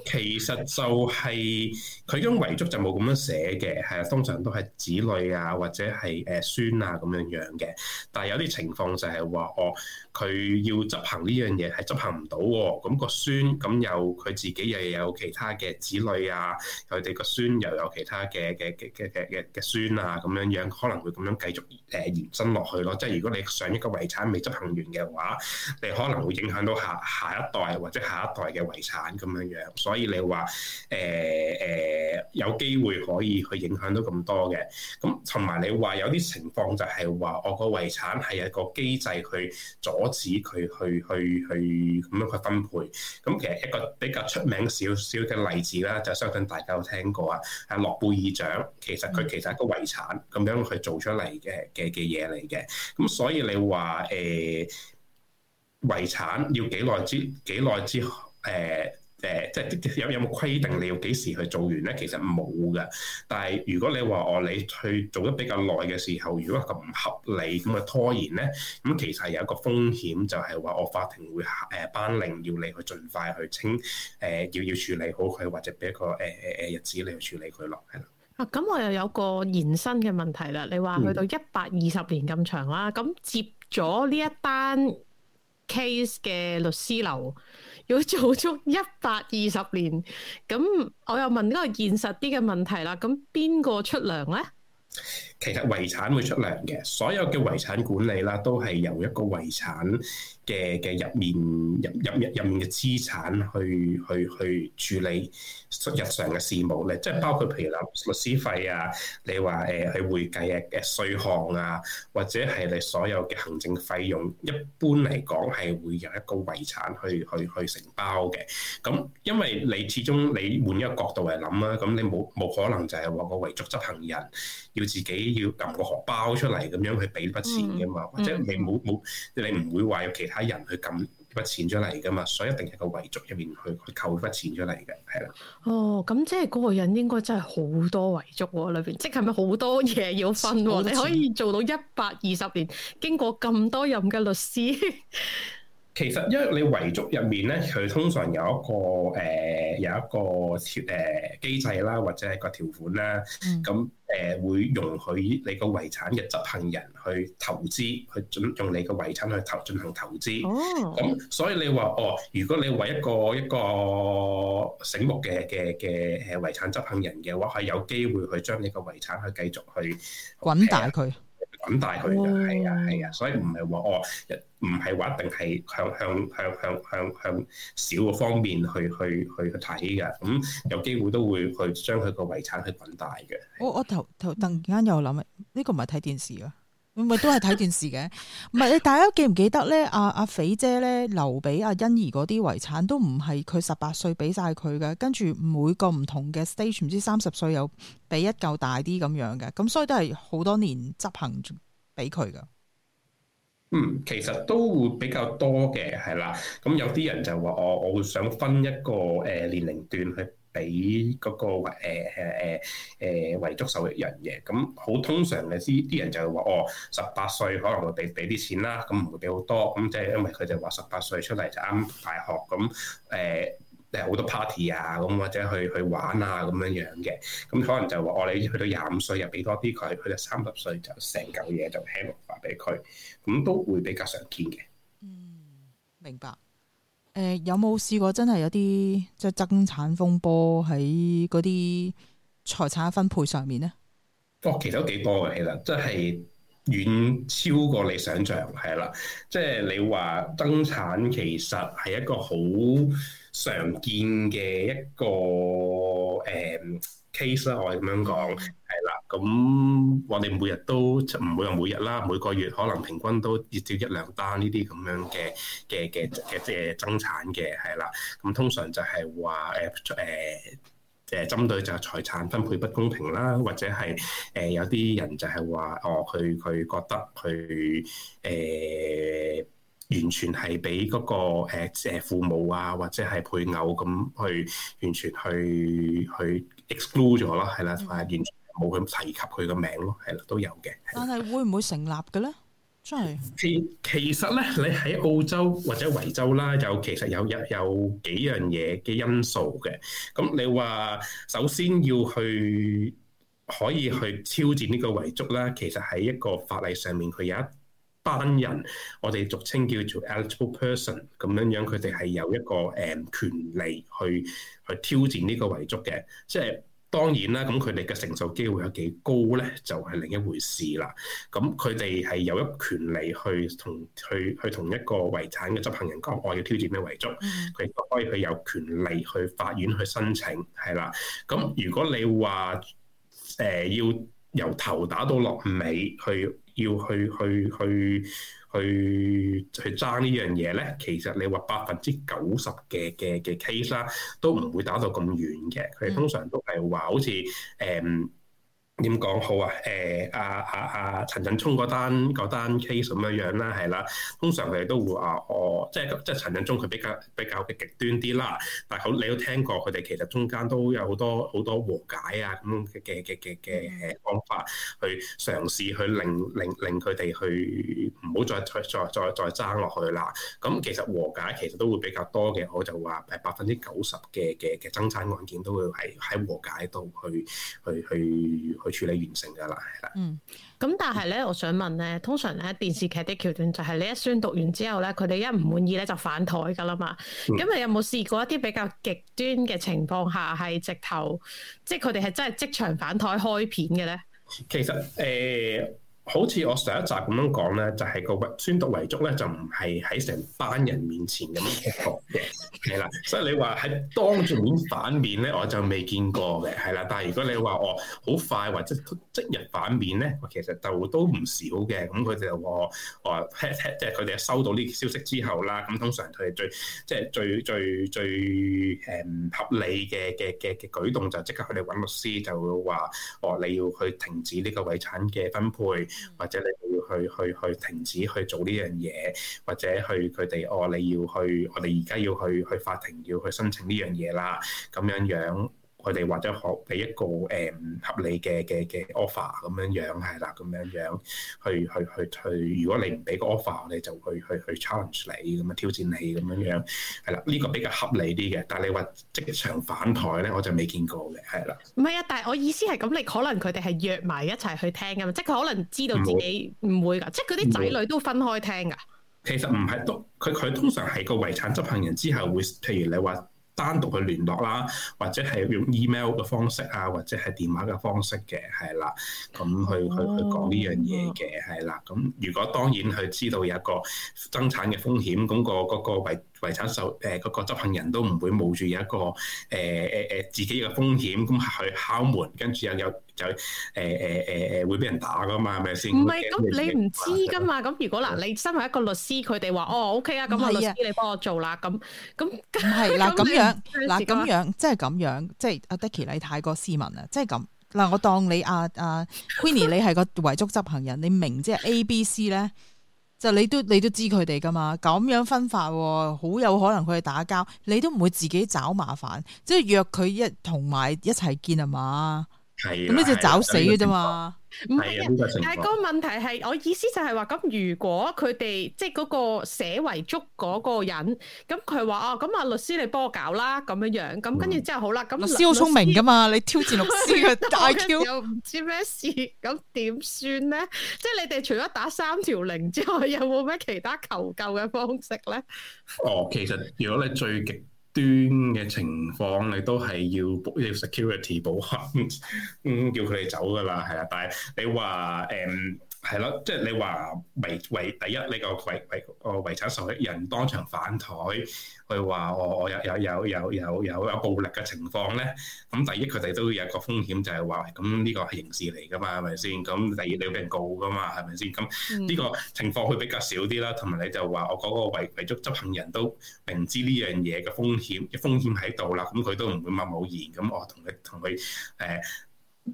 其實就係佢張遺囑就冇咁樣寫嘅，係啊，通常都係子女啊，或者係誒孫啊咁樣樣嘅。但係有啲情況就係話，哦，佢要執行呢樣嘢係執行唔到喎。咁個孫咁又佢自己，又有其他嘅子女啊，佢哋個孫又有其他嘅嘅嘅嘅嘅嘅嘅孫啊咁樣樣，可能會咁樣繼續誒延伸落去咯。即係如果你上一個遺，遺產未執行完嘅話，你可能會影響到下下一代或者下一代嘅遺產咁樣樣，所以你話誒誒有機會可以去影響到咁多嘅，咁同埋你話有啲情況就係話我個遺產係一個機制去阻止佢去去去咁樣去分配，咁、嗯、其實一個比較出名少少嘅例子啦，就相信大家有聽過啊，係諾貝爾獎，其實佢其實係一個遺產咁樣去做出嚟嘅嘅嘅嘢嚟嘅，咁、嗯嗯、所以你話。誒、呃、遺產要幾耐之幾耐之誒誒、呃呃，即係有有冇規定你要幾時去做完咧？其實冇㗎，但係如果你話我你去做得比較耐嘅時候，如果咁唔合理咁嘅拖延咧，咁、嗯、其實係有一個風險，就係話我法庭會誒、呃、頒令要你去盡快去清誒、呃，要要處理好佢，或者俾一個誒誒誒日子你去處理佢咯。啊，咁我又有個延伸嘅問題啦。你話去到一百二十年咁長啦，咁接、嗯、咗呢一單 case 嘅律師樓，要做足一百二十年，咁我又問呢個現實啲嘅問題啦，咁邊個出糧呢？其實遺產會出糧嘅，所有嘅遺產管理啦，都係由一個遺產嘅嘅入面入入入面嘅資產去去去處理日常嘅事務咧，即係包括譬如律律師費啊，你話誒去會計嘅誒稅項啊，或者係你所有嘅行政費用，一般嚟講係會有一個遺產去去去承包嘅。咁因為你始終你換一個角度嚟諗啦，咁你冇冇可能就係話個遺囑執行人要自己要撳個荷包出嚟咁樣去俾筆錢嘅嘛，嗯、或者你冇冇、嗯、你唔會話有其他人去撳筆錢出嚟噶嘛，所以一定係個遺囑入面去扣筆錢出嚟嘅，係啦。哦，咁即係嗰個人應該真係好多遺囑喎、啊，裏邊即係咪好多嘢要分喎、啊？ 像你可以做到一百二十年，經過咁多任嘅律師。 其實因為你遺囑入面咧，佢通常有一個誒、呃、有一個條誒機制啦，或者係個條款啦，咁誒、嗯呃、會容許你個遺產嘅執行人去投資，去準用你個遺產去投進行投資。咁、哦、所以你話哦，如果你為一個一個醒目嘅嘅嘅誒遺產執行人嘅話，係有機會去將你個遺產去繼續去、呃、滾大佢。滾大佢嘅，係啊，係啊，所以唔係話哦，唔係話一定係向向向向向向少嘅方面去去去睇嘅，咁有機會都會去將佢個遺產去滾大嘅、啊哦。我我頭頭突然間又諗，呢、這個唔係睇電視啊，唔係都係睇電視嘅，唔係 你大家記唔記得咧？阿阿肥姐咧留俾阿、啊、欣宜嗰啲遺產都唔係佢十八歲俾晒佢嘅，跟住每個唔同嘅 stage 唔知三十歲有俾一嚿大啲咁樣嘅，咁所以都係好多年執行。俾佢噶，嗯，其實都會比較多嘅，係啦。咁、嗯、有啲人就話、哦：我我會想分一個誒、呃、年齡段去俾嗰、那個誒誒誒誒遺囑受益人嘅。咁、嗯、好通常嘅啲啲人就係話：哦，十八歲可能會俾俾啲錢啦。咁、嗯、唔會俾好多。咁即係因為佢哋話十八歲出嚟就啱大學。咁、嗯、誒。呃誒好多 party 啊，咁或者去去玩啊，咁樣樣嘅，咁、嗯、可能就話我哋去到廿五歲又俾多啲佢，去到三十歲就成嚿嘢就 hand 翻俾佢，咁都會比較常見嘅。嗯，明白。誒、呃，有冇試過真係有啲即係爭產風波喺嗰啲財產分配上面咧？哦，其實都幾多嘅，其實，其實真係遠超過你想象，係啦。即係你話爭產其實係一個好常見嘅一個誒、嗯、case 啦，我咁樣講係啦。咁我哋每日都唔會話每日啦，每個月可能平均都接接一兩單呢啲咁樣嘅嘅嘅嘅誒爭產嘅係啦。咁、嗯、通常就係話誒誒誒，針、呃呃、對就係財產分配不公平啦，或者係誒、呃、有啲人就係話哦，佢佢覺得佢誒。呃完全係俾嗰個誒、呃、父母啊，或者係配偶咁去完全去去 exclude 咗咯，係啦，啊、嗯、完全冇咁提及佢嘅名咯，係啦，都有嘅。但係會唔會成立嘅咧？真係其其實咧，你喺澳洲或者維州啦，有其實有有有幾樣嘢嘅因素嘅。咁你話首先要去可以去挑戰呢個遺囑啦，其實喺一個法例上面佢有一。班人，我哋俗稱叫做 eligible person，咁樣樣佢哋係有一個誒、嗯、權利去去挑戰呢個遺囑嘅。即係當然啦，咁佢哋嘅承受機會有幾高咧，就係、是、另一回事啦。咁佢哋係有一權利去同去去同一個遺產嘅執行人講，我要挑戰咩遺囑，佢、mm hmm. 可以去有權利去法院去申請，係啦。咁、嗯、如果你話誒、呃、要由頭打到落尾去。要去去去去去爭呢樣嘢咧，其實你話百分之九十嘅嘅嘅 case 啦，都唔會打到咁遠嘅，佢哋通常都係話好似誒。嗯點講好啊？誒阿阿阿陳振聰嗰單嗰單 case 咁樣樣啦，係啦。通常佢哋都會話哦，即係即係陳振聰佢比較比較嘅極端啲啦。但係好你都聽過佢哋其實中間都有好多好多和解啊，咁嘅嘅嘅嘅嘅方法去嘗試去令令令佢哋去唔好再再再再再爭落去啦。咁其實和解其實都會比較多嘅，我就話誒百分之九十嘅嘅嘅爭產案件都會係喺和解度去去去。去去去去處理完成噶啦，嗯，咁但係咧，我想問咧，通常咧電視劇啲橋段就係你一宣讀完之後咧，佢哋一唔滿意咧就反台噶啦嘛，咁、嗯、你有冇試過一啲比較極端嘅情況下係直頭，即係佢哋係真係即場反台開片嘅咧？其實誒。呃好似我上一集咁樣講咧，就係、是、個宣讀遺囑咧，就唔係喺成班人面前咁讀嘅，係 啦。所以你話喺當眾反面咧，我就未見過嘅，係啦。但係如果你話哦，好快或者即日反面咧，其實就都唔少嘅。咁佢哋話哦，即係佢哋收到呢個消息之後啦，咁通常佢哋最即係、就是、最最最誒唔合理嘅嘅嘅嘅舉動就，就即刻佢哋揾律師就會話哦，你要去停止呢個遺產嘅分配。或者你要去去去停止去做呢樣嘢，或者去佢哋，哦，你要去，我哋而家要去去法庭要去申請呢樣嘢啦，咁樣樣。佢哋或者可俾一個唔、欸、合理嘅嘅嘅 offer 咁樣樣係啦，咁樣樣去去去去。如果你唔俾個 offer，我哋就去去去 challenge 你咁啊，挑戰你咁樣樣係啦。呢、這個比較合理啲嘅，但係你話即場反台咧，我就未見過嘅係啦。唔係啊，但係我意思係咁，你可能佢哋係約埋一齊去聽㗎嘛，即係佢可能知道自己唔會㗎，會即係嗰啲仔女都分開聽㗎。其實唔係都佢佢通常係個遺產執行人之後會，譬如你話。單獨去聯絡啦，或者係用 email 嘅方式啊，或者係電話嘅方式嘅，係啦，咁去、oh. 去去講呢樣嘢嘅，係啦，咁如果當然佢知道有一個生產嘅風險，咁個嗰個位。遺產受誒個、呃、個執行人都唔會冒住一個誒誒誒自己嘅風險咁去敲門，跟住又有就誒誒誒誒會俾人打㗎嘛，係咪先？唔係，咁你唔知㗎嘛，咁う如果嗱、呃、你身為一個律師，佢哋話哦 OK 啊，咁我律師你幫我做啦，咁咁唔係嗱，咁樣，嗱，咁樣即係咁樣，即係阿 Dikki 你太過斯文啦，即係咁，嗱我當你阿阿 Queenie 你係個遺囑執行人，你明知係 A B C 咧？就你都你都知佢哋噶嘛，咁樣分法喎、哦，好有可能佢哋打交，你都唔會自己找麻煩，即係約佢一同埋一齊見啊嘛。係咁，你只找死嘅啫嘛？唔係啊，嗯、但係個問題係，我意思就係、是、話，咁如果佢哋即係嗰個寫遺囑嗰個人，咁佢話哦，咁啊律師你幫我搞啦，咁樣樣，咁跟住之後好啦，咁、嗯、律師好聰明噶嘛，師你挑戰律師嘅 IQ 又唔知咩事，咁點算咧？ 即係你哋除咗打三條零之外，有冇咩其他求救嘅方式咧？哦，其實如果你最勁。端嘅情況，你都係要保要 security 保安，嗯，叫佢哋走㗎啦，係啊，但係你話誒。嗯係咯，即係你話遺遺第一呢個遺遺個遺產受益人當場反台去話我我有有有有有有有暴力嘅情況咧，咁第一佢哋都有個風險就係話咁呢個係刑事嚟㗎嘛係咪先？咁第二你俾人告㗎嘛係咪先？咁呢個情況會比較少啲啦，同埋你就話我嗰個遺遺囑執行人都明知呢樣嘢嘅風險，風險喺度啦，咁佢都唔會默冇言咁，我同佢同佢誒。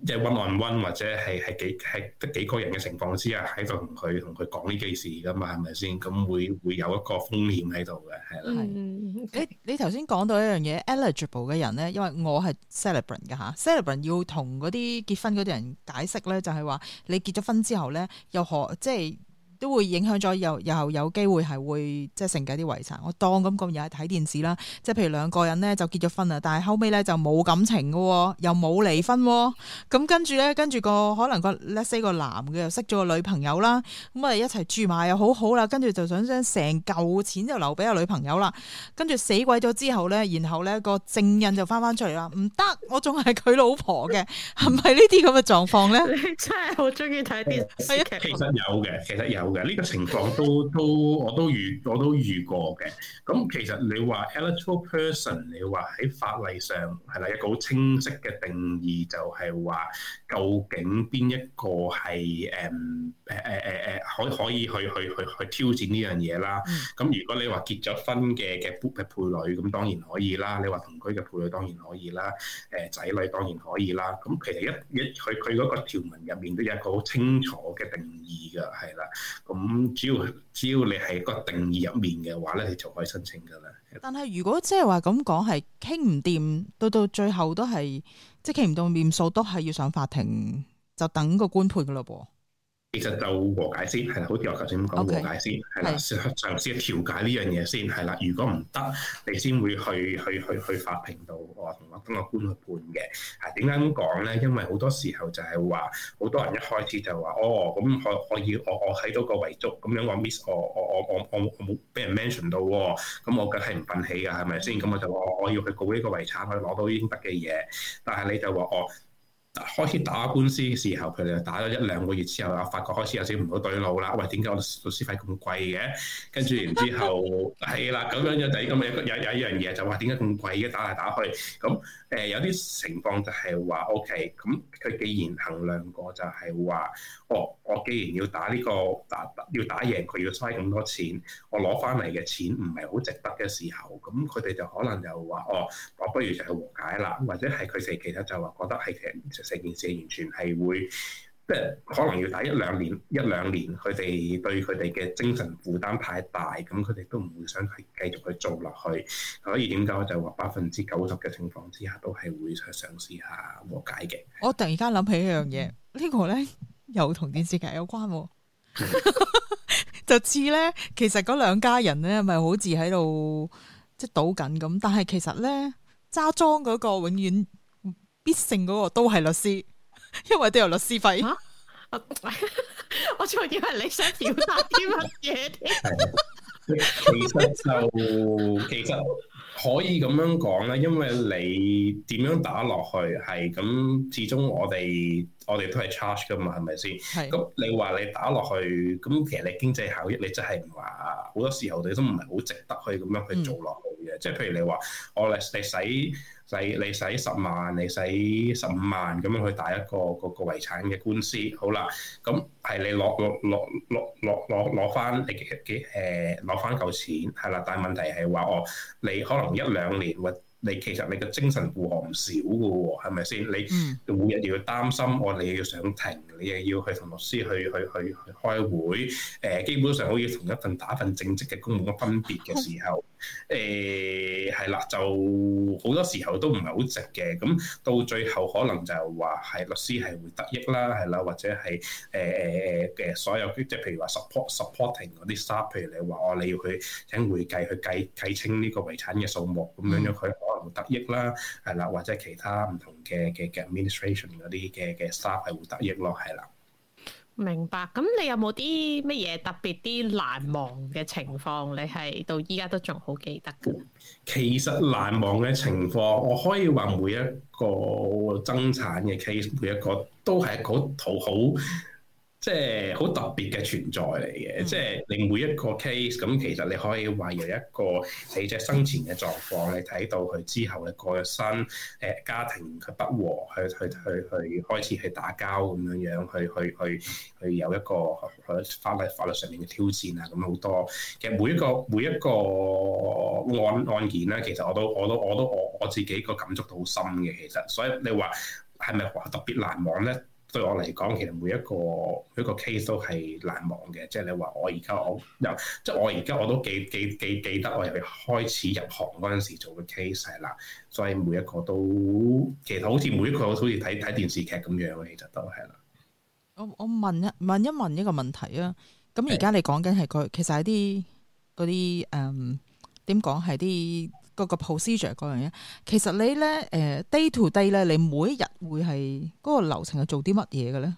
即係 one on one 或者係係幾係得幾個人嘅情況之下，喺度同佢同佢講呢件事噶嘛，係咪先？咁會會有一個風險喺度嘅，係啦、嗯。 你你頭先講到一樣嘢，eligible 嘅人咧，因為我係 celebrant 噶吓 celebrant 要同嗰啲結婚嗰啲人解釋咧，就係、是、話你結咗婚之後咧，又何即係？都會影響咗，又又有機會係會即係剩緊啲遺產。我當咁咁又係睇電視啦，即係譬如兩個人咧就結咗婚啦，但係後尾咧就冇感情嘅，又冇離婚。咁跟住咧，跟住個可能個 let's say 個男嘅又識咗個女朋友啦，咁啊一齊住埋又好好啦，跟住就想將成舊錢就留俾個女朋友啦。跟住死鬼咗之後咧，然後咧個正印就翻翻出嚟啦，唔得，我仲係佢老婆嘅。係咪呢啲咁嘅狀況咧？你真係好中意睇電視劇。其實有嘅，其實有。嘅呢個情況都都我都遇我都遇過嘅。咁其實你話 electoral person，你話喺法例上係啦，一個好清晰嘅定義就，就係話究竟邊一個係誒誒誒誒誒可可以去去去去挑戰呢樣嘢啦。咁、 嗯、如果你話結咗婚嘅嘅配女，咁當然可以啦。你話同居嘅配女當然可以啦。誒、呃、仔女當然可以啦。咁、嗯、其實一一佢佢嗰個條文入面都有一個好清楚嘅定義㗎，係啦。咁只要，只要你喺個定義入面嘅話咧，你就可以申請噶啦。但係如果即係話咁講，係傾唔掂，到到最後都係即係傾唔到面數，都係要上法庭，就等個官判噶嘞噃。其實就和解先，係啦，好似我頭先咁講和解先，係啦，嘗嘗試調解呢樣嘢先，係啦。如果唔得，你先會去去去去法庭度，我同我跟個官去判嘅。啊，點解咁講咧？因為好多時候就係話，好多人一開始就話，哦、oh，咁我我要我我睇到個遺囑咁樣我，我 miss 我我我我我冇俾人 mention 到、哦、喎，咁我梗係唔忿氣㗎，係咪先？咁我就話，我我要去告呢個遺產，去攞到應得嘅嘢。但係你就話，我。開始打官司嘅時候，佢哋打咗一兩個月之後，又發覺開始有少少唔好對路啦。喂，點解我律師費咁貴嘅？跟住然之後係啦，咁 樣就第一咁有有有一樣嘢就話點解咁貴嘅？打嚟打去，咁誒、呃、有啲情況就係話 OK，咁佢既然衡量過就係話。我既然要打呢、呢個啊要打贏佢要嘥咁多錢，我攞翻嚟嘅錢唔係好值得嘅時候，咁佢哋就可能就話哦，我不如就去和解啦，或者係佢哋其實就話覺得係其實成件事完全係會即係可能要打一兩年一兩年，佢哋對佢哋嘅精神負擔太大，咁佢哋都唔會想去繼續去做落去。所以點解就話百分之九十嘅情況之下都係會去嘗試下和解嘅。我突然間諗起一樣嘢，呢個、呢個咧。又同電視劇有關、啊， 就似咧，其實嗰兩家人咧，咪好似喺度即係賭緊咁，但係其實咧，揸莊嗰個永遠必勝嗰個都係律師，因為都有律師費、啊。我仲 以為你想表達啲乜嘢添？其實就其實。可以咁樣講啦，因為你點樣打落去係咁，始終我哋我哋都係 charge 噶嘛，係咪先？係是。咁你話你打落去，咁其實你經濟效益你真係唔話好多時候你都唔係好值得去咁樣去做落去嘅。嗯、即係譬如你話我嚟使。你使你使十萬，你使十五萬咁樣去打一個個個遺產嘅官司，好啦，咁、嗯、係你攞攞攞攞攞攞攞翻你幾誒，攞翻嚿錢，係啦，但係問題係話我你可能一兩年或。你其實你個精神負荷唔少嘅喎、哦，係咪先？你每日要擔心，我你又要上庭，你又要去同律師去去去開會，誒、呃，基本上可以同一份打份正職嘅工冇乜分別嘅時候，誒係啦，就好多時候都唔係好值嘅。咁到最後可能就話係律師係會得益啦，係啦，或者係誒誒嘅所有即係譬如話 support supporting 嗰啲 staff，譬如你話我、哦、你要去請會計去計計清呢個遺產嘅數目咁樣咗佢。嗯得益啦，係啦，或者其他唔同嘅嘅嘅 administration 嗰啲嘅嘅 staff 係會得益咯，係啦。明白。咁你有冇啲乜嘢特別啲難忘嘅情況？你係到依家都仲好記得嘅。其實難忘嘅情況，我可以話每一個增產嘅 case，每一個都係一個好討好。即係好特別嘅存在嚟嘅，嗯、即係你每一個 case 咁，其實你可以話由一個死者生前嘅狀況，你睇到佢之後嘅過咗身，誒家庭佢不和，去去去去開始去打交咁樣樣，去去去去有一個法律法律上面嘅挑戰啊，咁好多。其實每一個每一個案案件咧，其實我都我都我都我我自己個感觸都好深嘅，其實，所以你話係咪話特別難忘咧？對我嚟講，其實每一個每一個 case 都係難忘嘅，即係你話我而家我入，即係我而家我都記記記記得我由開始入行嗰陣時做嘅 case 係啦，所以每一個都其實好似每一個都好似睇睇電視劇咁樣嘅，其實都係啦。我我問，問一問一問一個問題啊，咁而家你講緊係佢，其實係啲嗰啲誒點講係啲。個個 procedure 嗰樣嘢，其實你咧誒、呃、day to day 咧，你每一日會係嗰、嗰個流程係做啲乜嘢嘅咧？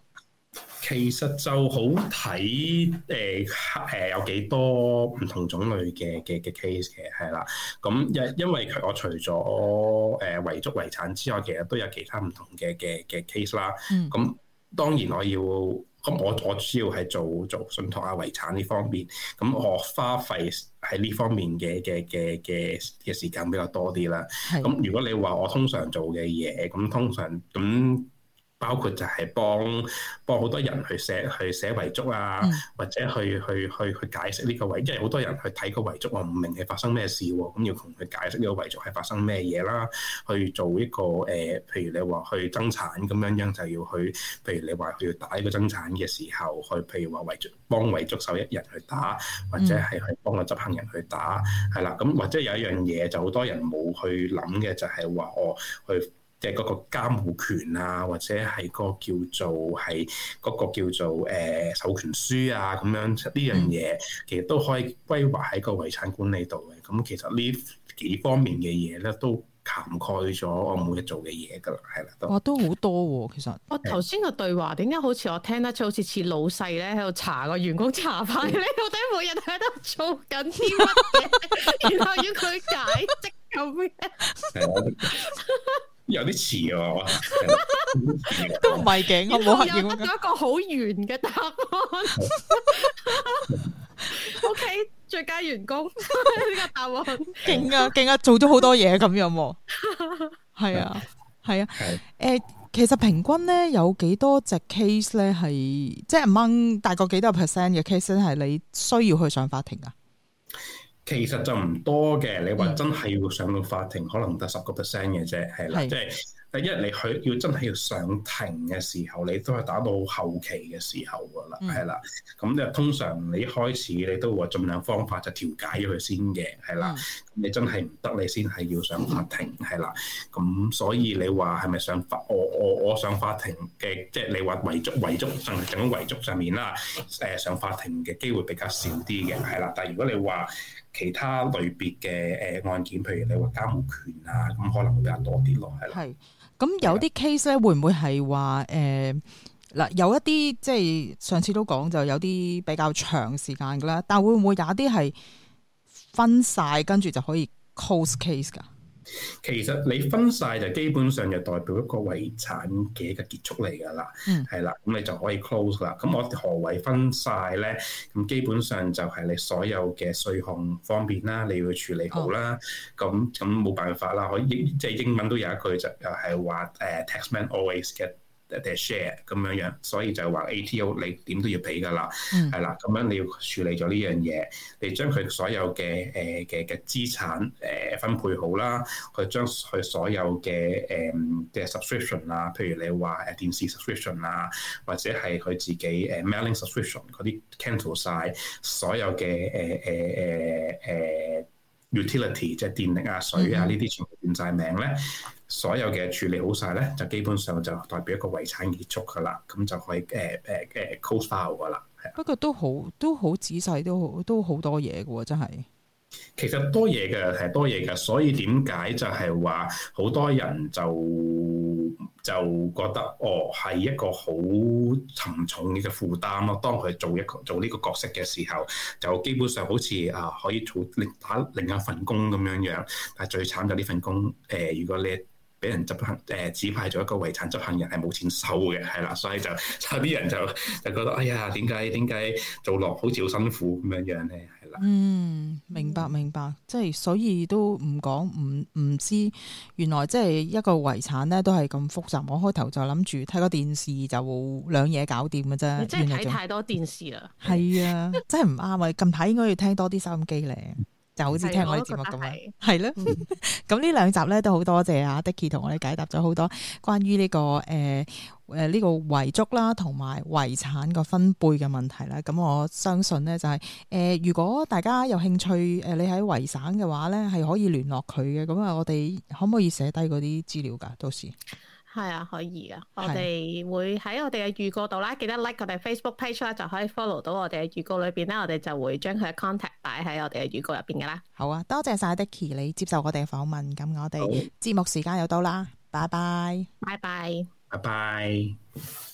其實就好睇誒誒有幾多唔同種類嘅嘅嘅 case 嘅係啦。咁因、嗯、因為我除咗誒遺囑遺產之外，其實都有其他唔同嘅嘅嘅 case 嘅啦。咁當然我要。嗯咁、嗯、我我主要係做做信託啊、遺產呢方面，咁我花費喺呢方面嘅嘅嘅嘅嘅時間比較多啲啦。咁的如果你話我通常做嘅嘢，咁通常咁。包括就係幫幫好多人去寫、嗯、去寫遺囑啊，或者去去去去解釋呢個遺，因為好多人去睇個遺囑，我唔明係發生咩事喎、啊，咁要同佢解釋呢個遺囑係發生咩嘢啦。去做一個誒、呃，譬如你話去爭產咁樣樣，就要去，譬如你話佢要打呢個爭產嘅時候，去譬如話遺囑幫遺囑受益人去打，或者係去幫個執行人去打，係啦、嗯。咁或者有一樣嘢就好多人冇去諗嘅，就係話我去。嘅嗰個監護權啊，或者係個叫做係嗰個叫做誒、呃、授權書啊，咁樣呢樣嘢其實都可以規劃喺個遺產管理度嘅。咁其實呢幾方面嘅嘢咧，都涵蓋咗我每日做嘅嘢噶啦，係啦。都哇，都好多喎、啊，其實。欸、我頭先個對話點解好似我聽得出好似似老細咧喺度查個員工查牌咧？到底、嗯、每日喺度做緊啲乜嘢？ 然後要佢解職咁咩？.有啲似啊， 都唔係勁，我冇刻意。得到一個好圓嘅答案。OK，最佳員工呢 個答案勁 啊勁 啊，啊，做咗好多嘢咁樣。係啊係啊，誒，其實平均咧有幾多隻 case 咧係，即係掹大概幾多 percent 嘅 case 咧係你需要去上法庭㗎？其實就唔多嘅，你話真係要上到法庭，嗯、可能得十個 percent 嘅啫，係啦。是即係第一，你去要真係要上庭嘅時候，你都係打到後期嘅時候㗎啦，係啦。咁就通常你一開始你都會盡量方法就調解咗佢先嘅，係啦。你真係唔得，你先係要上法庭，係啦。咁所以你話係咪上法？我我我上法庭嘅，即係你話遺囑遺囑，甚至係講遺囑上面啦，誒上法庭嘅機會比較少啲嘅，係啦。但係如果你話，其他類別嘅誒案件，譬如你話監護權啊，咁可能會比較多啲咯，係咯。係，咁有啲 case 咧，會唔會係話誒嗱有一啲即係上次都講就有啲比較長時間噶啦，但會唔會有一啲係分晒，跟住就可以 close case 噶？其實你分晒就基本上就代表一個遺產嘅一個結束嚟㗎啦，係啦、mm.，咁你就可以 close 啦。咁我何謂分晒咧？咁基本上就係你所有嘅稅項方面啦，你要處理好啦。咁咁冇辦法啦，可以即係英文都有一句就係話誒、uh,，taxman always get。誒誒 share 咁樣樣，所以就係話 ATO 你點都要俾噶啦，係啦、嗯，咁樣你要處理咗呢樣嘢，你將佢所有嘅誒嘅嘅資產誒、呃、分配好啦，佢將佢所有嘅即係 subscription 啊，譬如你話誒電視 subscription 啊，或者係佢自己誒、呃、 mailing subscription 嗰啲 cancel 曬所有嘅誒誒誒誒。呃呃呃 utility 即係電力啊、水啊呢啲全部變晒名咧，所有嘅處理好晒咧，就基本上就代表一個遺產結束噶啦，咁就可以誒誒誒 close out 噶啦。不過都好都好仔細，都好都好多嘢嘅喎，真係。其實多嘢嘅係多嘢嘅，所以點解就係話好多人就，就覺得哦係一個好沉重嘅負擔咯。當佢做一個做呢個角色嘅時候，就基本上好似啊可以做另打另一份工咁樣樣。但係最慘就呢份工，誒、呃、如果你～俾人執行誒、呃、指派咗一個遺產執行人係冇錢收嘅，係啦，所以就差啲人就就覺得，哎呀，點解點解做落好似好辛苦咁樣樣咧？係啦，嗯，明白明白，即係所以都唔講唔唔知原來即係一個遺產咧都係咁複雜。我開頭就諗住睇個電視就兩嘢搞掂嘅啫，即係睇太多電視啦，係啊， 真係唔啱啊！近排應該要聽多啲收音機咧。就好似聽我啲節目咁啊，係咯。咁呢 兩集咧都好多謝啊，Dikki 同我哋解答咗好多關於呢、這個誒誒呢個遺囑啦，同埋遺產個分配嘅問題啦。咁我相信咧就係、是、誒、呃，如果大家有興趣誒，你喺遺省嘅話咧係可以聯絡佢嘅。咁啊，我哋可唔可以寫低嗰啲資料噶？到時。係啊，可以啊，的我哋會喺我哋嘅預告度啦，記得 like 我哋 Facebook page 咧，就可以 follow 到我哋嘅預告裏邊啦。我哋就會將佢嘅 contact 擺喺我哋嘅預告入邊噶啦。好啊，多謝晒 Dicky，你接受我哋嘅訪問。咁我哋節好目時間又到啦，拜拜，拜拜，拜拜。